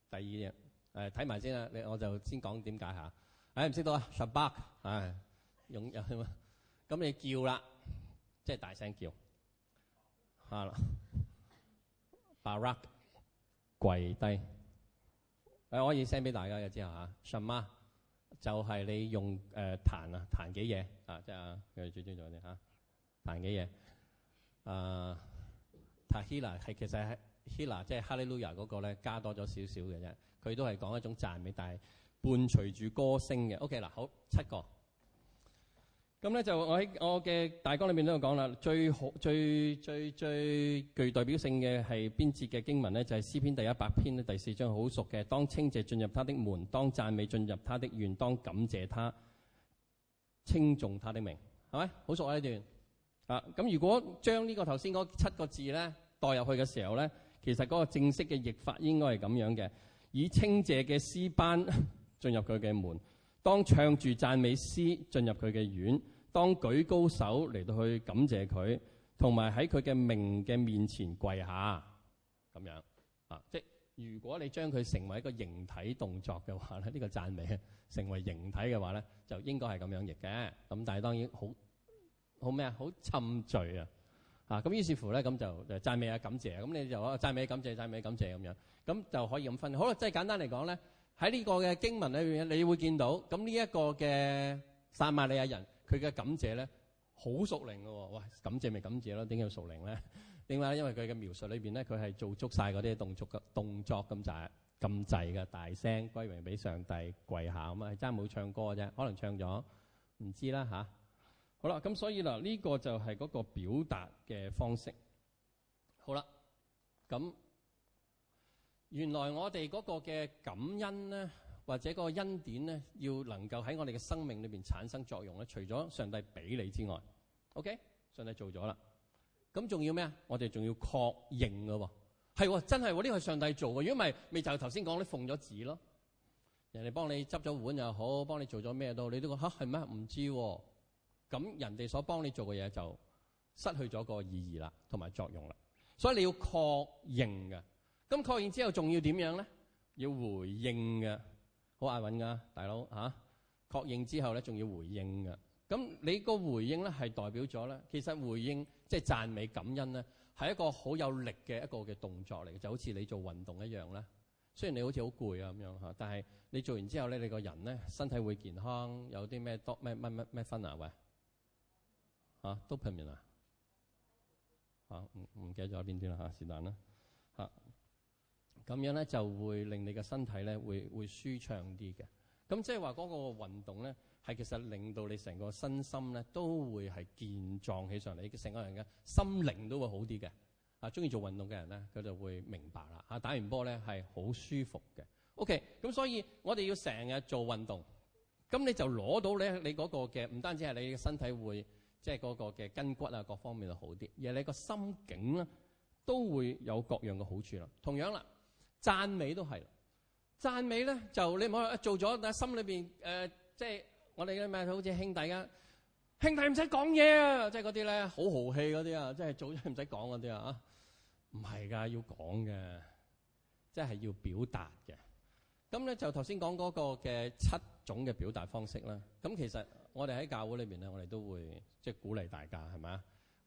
第二樣，誒睇埋先啦，你我就先講點解嚇。誒唔識到啊，Shabach，唉，擁有啊。咁、哎、你叫啦，即、就、係、是、大聲叫，係啦，Barak。跪低，誒，可以 send 俾大家嘅之後吓，什、啊、麼、呃啊？就係你用誒彈啊彈幾嘢啊，即係係我最尊重啲吓彈幾嘢啊，Tahila 係其實係 Hila 即係 Hallelujah 嗰個咧，加多咗少少嘅啫，佢都係講一種讚美，但係伴隨住歌聲嘅。OK 嗱，好七個。咁咧就我喺我嘅大綱裏面都有講啦，最好最最最具代表性嘅係邊節嘅經文咧，就係詩篇第一百篇咧第四章，好熟嘅。當稱謝進入他的門，當讚美進入他的院，當感謝他，稱頌他的名，係咪？好熟啊呢段。啊，咁如果將呢個頭先嗰七個字咧代入去嘅時候咧，其實嗰個正式嘅譯法應該係咁樣嘅，以稱謝嘅詩班進 入佢嘅門。當唱住讚美詩進入佢嘅院，當舉高手嚟到去感謝佢，同埋喺佢嘅名嘅面前跪下咁樣啊！即係如果你將佢成為一個形體動作嘅話咧，呢個讚美啊成為形體嘅話咧，就應該係咁樣譯嘅。咁但係當然好好咩啊？好沉醉啊！啊咁於是乎咧，咁就讚美啊，感謝咁你就啊讚美感謝讚美感謝咁樣，咁就可以咁分。好啦，即係簡單嚟講咧。喺呢個嘅經文裏邊，你會見到咁呢一個嘅撒瑪利亞人，佢嘅感謝咧好熟靈嘅喎，喂感謝咪感謝咯，點解要熟靈咧？另外咧，因為佢嘅描述裏邊咧，佢係做足曬嗰啲動作嘅動作咁滯咁滯嘅大聲歸榮俾上帝，跪下咁啊，爭冇唱歌嘅啫，可能唱咗唔知啦嚇。好啦，咁所以啦，呢個就係嗰個表達嘅方式。好啦，咁。原來我哋嗰個嘅感恩咧，或者個恩典咧，要能夠喺我哋嘅生命裏邊產生作用咧，除咗上帝俾你之外，OK？上帝做咗啦，咁仲要咩啊？我哋仲要確認㗎、哦，係、哦、真係我呢個係上帝做嘅，如果咪未就頭先講你奉咗旨咯，人哋幫你執咗碗又好，幫你做咗咩都好，你都話吓係咩？唔、啊、知、哦，咁人哋所幫你做嘅嘢就失去咗個意義啦，同埋作用啦，所以你要確認㗎。咁確認之後，仲要點樣咧？要回應嘅，好押韻噶，大佬嚇、啊。確認之後咧，仲要回應嘅。咁你個回應咧，係代表咗咧。其實回應即係、就係、讚美感恩咧，係一個好有力嘅一個嘅動作嚟嘅，就好似你做運動一樣啦。雖然你好似好攰啊咁樣嚇，但係你做完之後咧，你個人咧，身體會健康，有啲咩多咩乜乜乜分啊喂嚇，多平面啊嚇，唔唔、啊啊、記得咗邊啲啦嚇，是但啦。咁樣咧就會令你嘅身體咧會會舒暢啲嘅。咁即係話嗰個運動咧係其實令到你成個身心咧都會係健壯起上嚟。成個人嘅心靈都會好啲嘅。啊，中意做運動嘅人咧佢就會明白啦。啊，打完波咧係好舒服嘅。OK，咁所以我哋要成日做運動，咁你就攞到咧你嗰個嘅唔單止係你嘅身體會即係嗰個嘅筋骨啊各方面好啲，而係你個心境咧都會有各樣嘅好處啦。同樣啦。讚美都係啦，讚美咧就你唔好做咗，但係心裏邊誒，即係我哋咧咪好似兄弟啊，兄弟唔使講嘢啊，即係嗰啲咧好豪氣嗰啲啊，即係做咗唔使講嗰啲啊，啊唔係噶，要講嘅，即係要表達嘅。咁咧就頭先講嗰個嘅七種嘅表達方式啦。咁其實我哋喺教會裏邊咧，我哋都會即係鼓勵大家係咪，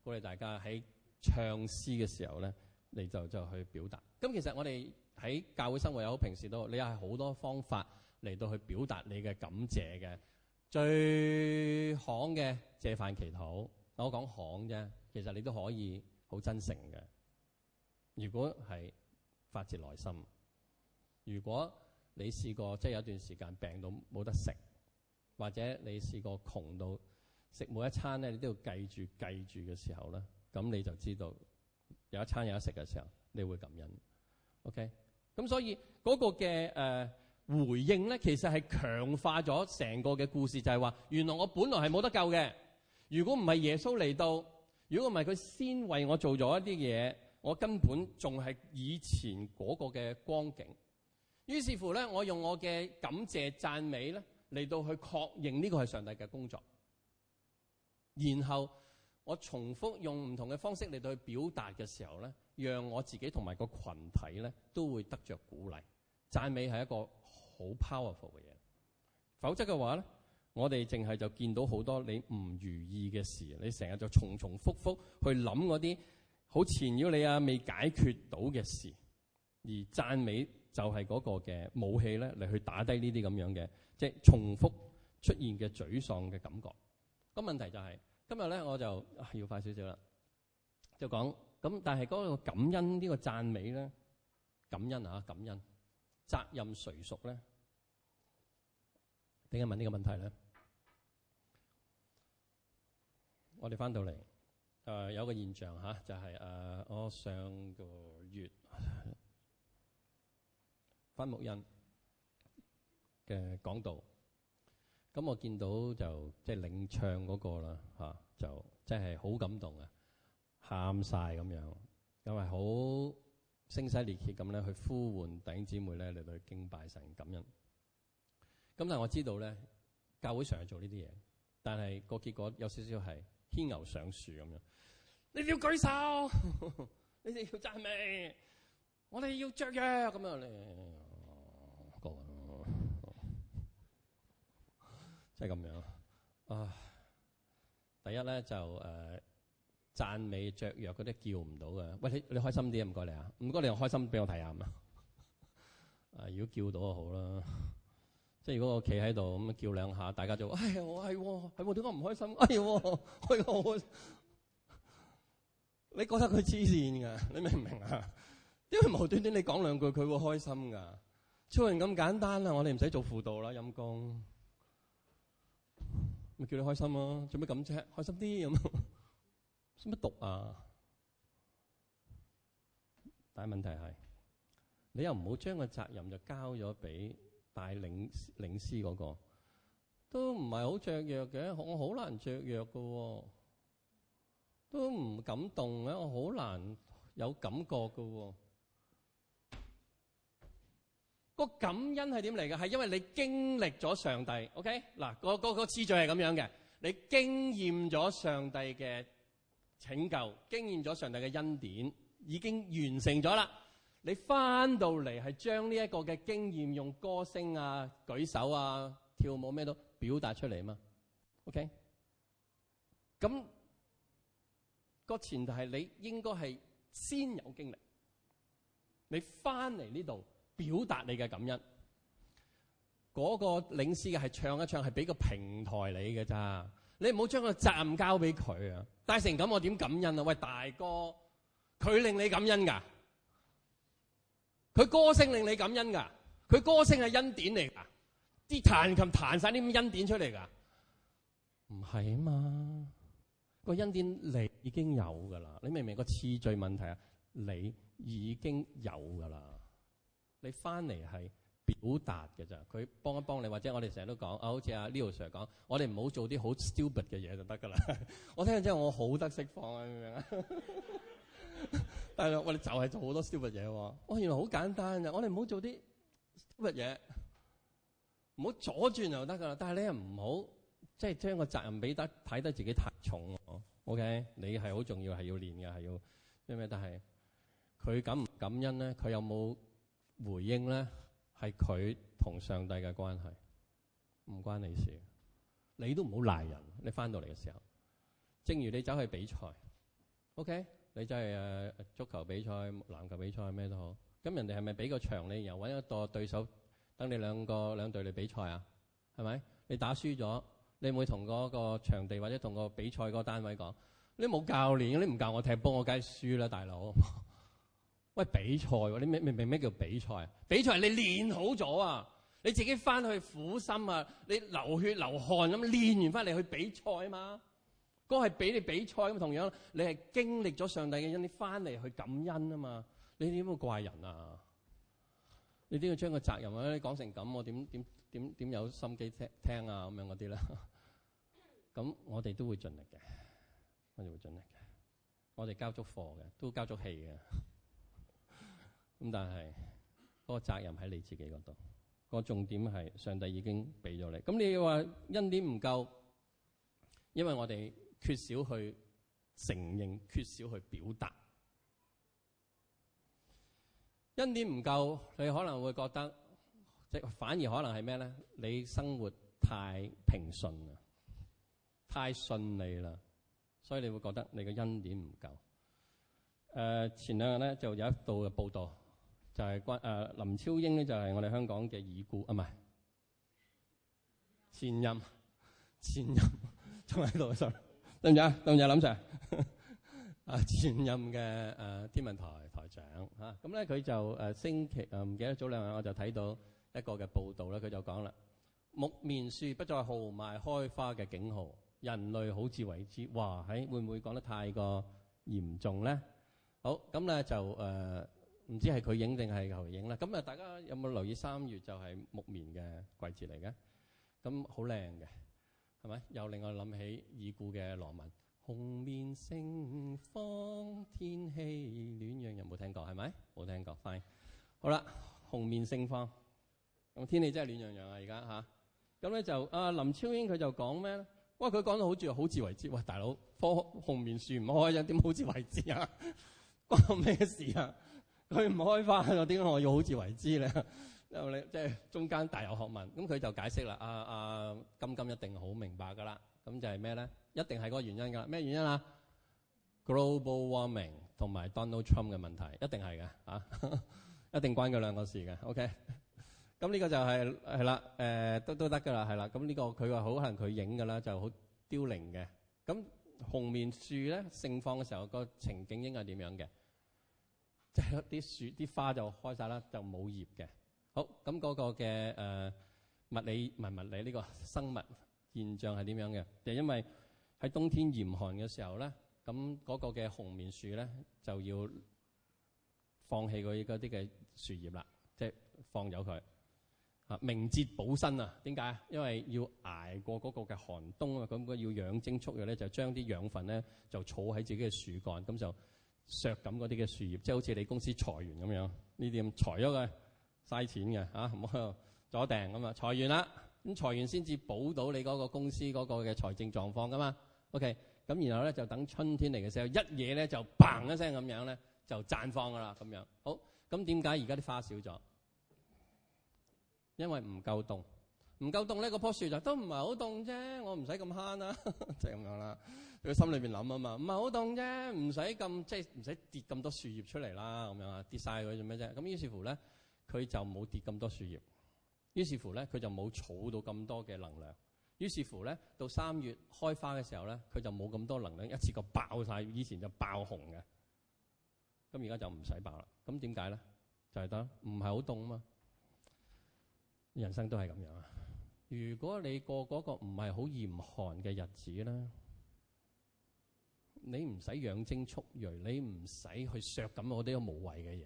鼓勵大家喺唱詩嘅時候咧，你就就去表達。咁其實我哋。喺教會生活又好，平時都，你有好多方法嚟到去表達你嘅感謝嘅。最行嘅借飯祈禱，我講行啫，其實你都可以好真誠嘅。如果係發自內心，如果你試過即係有段時間病到冇得食，或者你試過窮到食每一餐咧，你都要記住記住嘅時候咧，咁你就知道有一餐有得食嘅時候，你會感恩。OK。咁所以嗰個嘅誒回應咧，其實係強化咗成個嘅故事，就係話原來我本來係冇得救嘅。如果唔係耶穌嚟到，如果唔係佢先為我做咗一啲嘢，我根本仲係以前嗰個嘅光景。於是乎咧，我用我嘅感謝讚美咧嚟到去確認呢個係上帝嘅工作，然後，我重複用唔同嘅方式嚟到去表達嘅時候咧，讓我自己同埋個群體咧都會得着鼓勵。讚美係一個好 powerful 嘅嘢，否則嘅話咧，我哋淨係就見到好多你唔如意嘅事，你成日就重重複複去諗嗰啲好纏繞你啊未解決到嘅事，而讚美就係嗰個嘅武器咧嚟去打低呢啲咁樣嘅即係重複出現嘅沮喪嘅感覺。個問題就係、是。今日咧我就要快少少啦，就講咁，但係嗰個感恩、這個、讚呢個讚美咧，感恩啊感恩，責任誰屬咧？點解問呢個問題咧？我哋翻到嚟，誒、呃、有個現象吓、啊，就係、是、誒、呃、我上個月翻木 印嘅講道。咁、嗯、我見到就即係、就是、領唱嗰、那個啦、啊、就真係好感動啊，喊晒咁樣，因為好聲嘶力竭咁咧去呼喚弟兄姊妹咧嚟到敬拜神感恩。咁、嗯、但係我知道咧，教會常做呢啲嘢，但係個結果有少少係牽牛上樹咁樣。你哋要舉手，呵呵你哋要讚美，我哋要着嘅咁樣係咁樣啊！第一咧就誒讚、呃、美雀躍嗰啲叫唔到嘅。喂，你你開心啲唔該你啊，唔該你又開心俾我睇下啊！如果叫到就好啦，即係如果我企喺度咁叫兩下，大家就哎我係喎，係喎點解唔開心？哎喎、啊，哎喎、啊，你覺得佢黐線噶？你明唔明啊？因為無端端你講兩句，佢會開心噶，超人咁簡單啦，我哋唔使做輔導啦，陰公。叫你開心啊做咩咁啫？開心啲咁，使乜讀啊？但係問題係，你又唔好將個責任就交咗俾帶領領師嗰、那個，都唔係好雀弱嘅。我好難雀弱嘅喎、哦，都唔敢動咧。我好難有感覺嘅喎、哦。個感恩係點嚟嘅？係因為你經歷咗上帝，OK？嗱，那個，那個個個次序係咁樣嘅。你經驗咗上帝嘅拯救，經驗咗上帝嘅恩典，已經完成咗啦。你翻到嚟係將呢一個嘅經驗用歌聲啊、舉手啊、跳舞咩都表達出嚟嘛，OK？咁個前提係你應該係先有經歷，你翻嚟呢度。表達你嘅感恩，嗰個領事嘅係唱一唱，係俾個平台你嘅咋？你唔好將個責任交俾佢啊！大成咁我點感恩啊？喂，大哥，佢令你感恩噶，佢歌聲令你感恩噶，佢歌聲係恩典嚟噶，啲彈琴彈晒啲咁恩典出嚟噶，唔係啊嘛？個恩典你已經有噶啦，你明唔明個次序問題啊，你已經有噶啦。你翻嚟係表達嘅咋，佢幫一幫你，或者我哋成日都講，啊好似阿 Leo Sir 講，我哋唔好做啲好 stupid 嘅嘢就得㗎啦。 我聽完之後我好得釋放 啊，明唔明啊？但係我哋就係做好多 stupid 嘢喎，哇原來好簡單啊！我哋唔好做啲 stupid 嘢，唔好左轉就得㗎啦。但係你又唔好即係將個責任俾得睇得自己太重，OK？你係好重要係要練嘅係要，因為咩？但係佢感唔感恩咧？佢有冇？回應咧係佢同上帝嘅關係，唔關你事。你都唔好賴人。你翻到嚟嘅時候，正如你走去比賽，OK？你即係誒足球比賽、籃球比賽咩都好。咁人哋係咪俾個場你，然後搵一個對手，等你兩個兩隊嚟比賽啊？係咪？你打輸咗，你唔會同嗰個場地或者同個比賽嗰個單位講：你冇教練，你唔教我踢波，我梗係輸啦，大佬。喂，比賽喎？你明唔明咩叫比賽啊？比賽你練好咗啊！你自己翻去苦心啊！你流血流汗咁練完翻嚟去比賽啊嘛？嗰係俾你比賽咁，同樣你係經歷咗上帝嘅恩，你翻嚟去感恩啊嘛？你點會怪人啊？你點會將個責任你講成咁？我點點點點有心機聽，聽啊？咁樣嗰啲咧，咁 我哋都會盡力嘅。我哋會盡力嘅。我哋交足課嘅，都交足氣嘅。咁但係嗰個責任喺你自己嗰度，個重點係上帝已經俾咗你。咁你話恩典唔夠，因為我哋缺少去承認，缺少去表達，恩典唔夠，你可能會覺得，即反而可能係咩咧？你生活太平順啦，太順利啦，所以你會覺得你嘅恩典唔夠。誒、呃，前兩日咧就有一度嘅報道。就係關誒林超英呢就係我哋香港嘅已故啊，唔係前任前任仲喺度，sorry，對唔住啊，對唔住啊，林 sir 啊，前任嘅誒天文台台長嚇，咁咧佢就誒星期啊，唔記得早兩日我就睇到一個嘅報道咧，佢就講啦，木棉樹不再豪邁開花嘅警號，人類好自為之。哇，喺會唔會講得太過嚴重咧？好，咁咧就誒、呃。唔知係佢影定係後影啦。咁啊，大家有冇留意三月就係木棉嘅季節嚟嘅，咁好靚嘅係咪？又令我諗起已故嘅羅文，《紅棉盛放，天氣暖洋洋，有冇聽過？係咪？冇聽過？歡迎。好啦，《紅棉盛放」，咁天氣真係暖洋洋啊！而家吓，咁、啊、咧就啊，林超英佢就講咩咧？哇！佢講到好似好自為之。喂，大佬，棵紅棉樹唔開有點好自為之啊？關咩事啊？佢唔開花咗，點解我要好自為之咧？因為你即係中間大有學問。咁佢就解釋啦，阿阿金金一定好明白噶啦。咁就係咩咧？一定係嗰個原因噶啦。咩原因啊？Global warming 同埋 Donald Trump 嘅問題，一定係嘅，嚇，一定關佢兩個事嘅。OK。咁呢個就係係啦，誒都都得噶啦，係啦。咁呢個佢話好，可能佢影噶啦，就好凋零嘅。咁紅棉樹咧盛放嘅時候個情景應該係點樣嘅？即係啲樹啲花就開晒啦，就冇葉嘅。好，咁嗰個嘅誒、呃、物理唔係物理呢、呢個生物現象係點樣嘅？就因為喺冬天嚴寒嘅時候咧，咁嗰個嘅紅棉樹咧就要放棄佢嗰啲嘅樹葉啦，即、就、係、係、放走佢嚇，明哲保身啊？點解？因為要捱過嗰個嘅寒冬啊嘛。咁佢要養精蓄銳咧，就將啲養分咧就儲喺自己嘅樹幹咁就。削咁嗰啲嘅樹葉，即係好似你公司裁員咁樣，呢啲咁裁咗佢？嘥錢嘅嚇，唔好喺度阻訂咁啊！裁完啦，咁裁完先至補到你嗰個公司嗰個嘅財政狀況噶嘛。OK，咁然後咧就等春天嚟嘅時候，一夜咧就砰一聲咁樣咧就綻放噶啦咁樣。好，咁點解而家啲花少咗？因為唔夠凍，唔夠凍咧，嗰棵樹就都唔係好凍啫，我唔使咁慳啦， 就係咁樣啦。佢心裏面諗啊嘛，唔係好凍啫，唔使咁即係唔使跌咁多樹葉出嚟啦，咁樣啊，跌晒佢做咩啫？咁於是乎咧，佢就冇跌咁多樹葉。於是乎咧，佢就冇儲到咁多嘅能量。於是乎咧，到三月開花嘅時候咧，佢就冇咁多能量，一次過爆晒。以前就爆紅嘅，咁而家就唔使爆啦。咁點解咧？就係得唔係好凍啊嘛。人生都係咁樣啊。如果你過嗰個唔係好嚴寒嘅日子咧。你唔使養精蓄鋭，你唔使去削咁我啲無謂嘅嘢。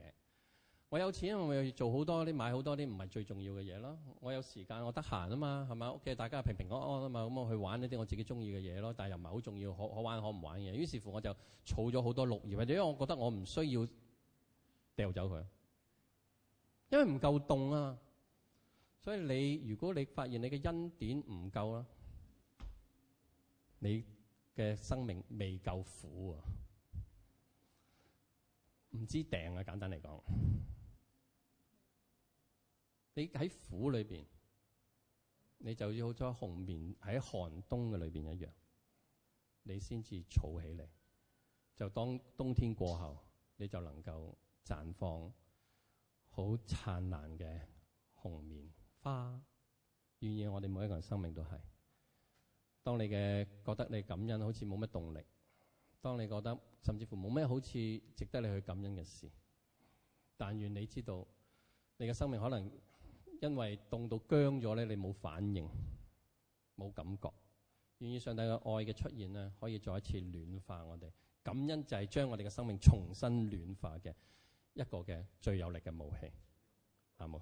我有錢，我咪做好多啲買好多啲唔係最重要嘅嘢咯。我有時間，我得閒啊嘛，係咪？屋企大家平平安安啊嘛，咁、哦、我去玩一啲我自己中意嘅嘢咯。但係又唔係好重要，可可玩可唔玩嘅。於是乎我就儲咗好多綠葉，或者因為我覺得我唔需要掉走佢，因為唔夠凍啊。所以你如果你發現你嘅恩典唔夠啦，你嘅生命未夠苦啊，唔知掟啊！簡單嚟講，你喺苦裏邊，你就要好似紅棉喺寒冬嘅裏邊一樣，你先至儲起嚟。就當冬天過後，你就能夠綻放好燦爛嘅紅棉花。花願意我哋每一個人生命都係。當你嘅覺得你感恩好似冇乜動力，當你覺得甚至乎冇咩好似值得你去感恩嘅事，但願你知道你嘅生命可能因為凍到僵咗咧，你冇反應，冇感覺。願意上帝嘅愛嘅出現咧，可以再一次暖化我哋。感恩就係將我哋嘅生命重新暖化嘅一個嘅最有力嘅武器。啱冇？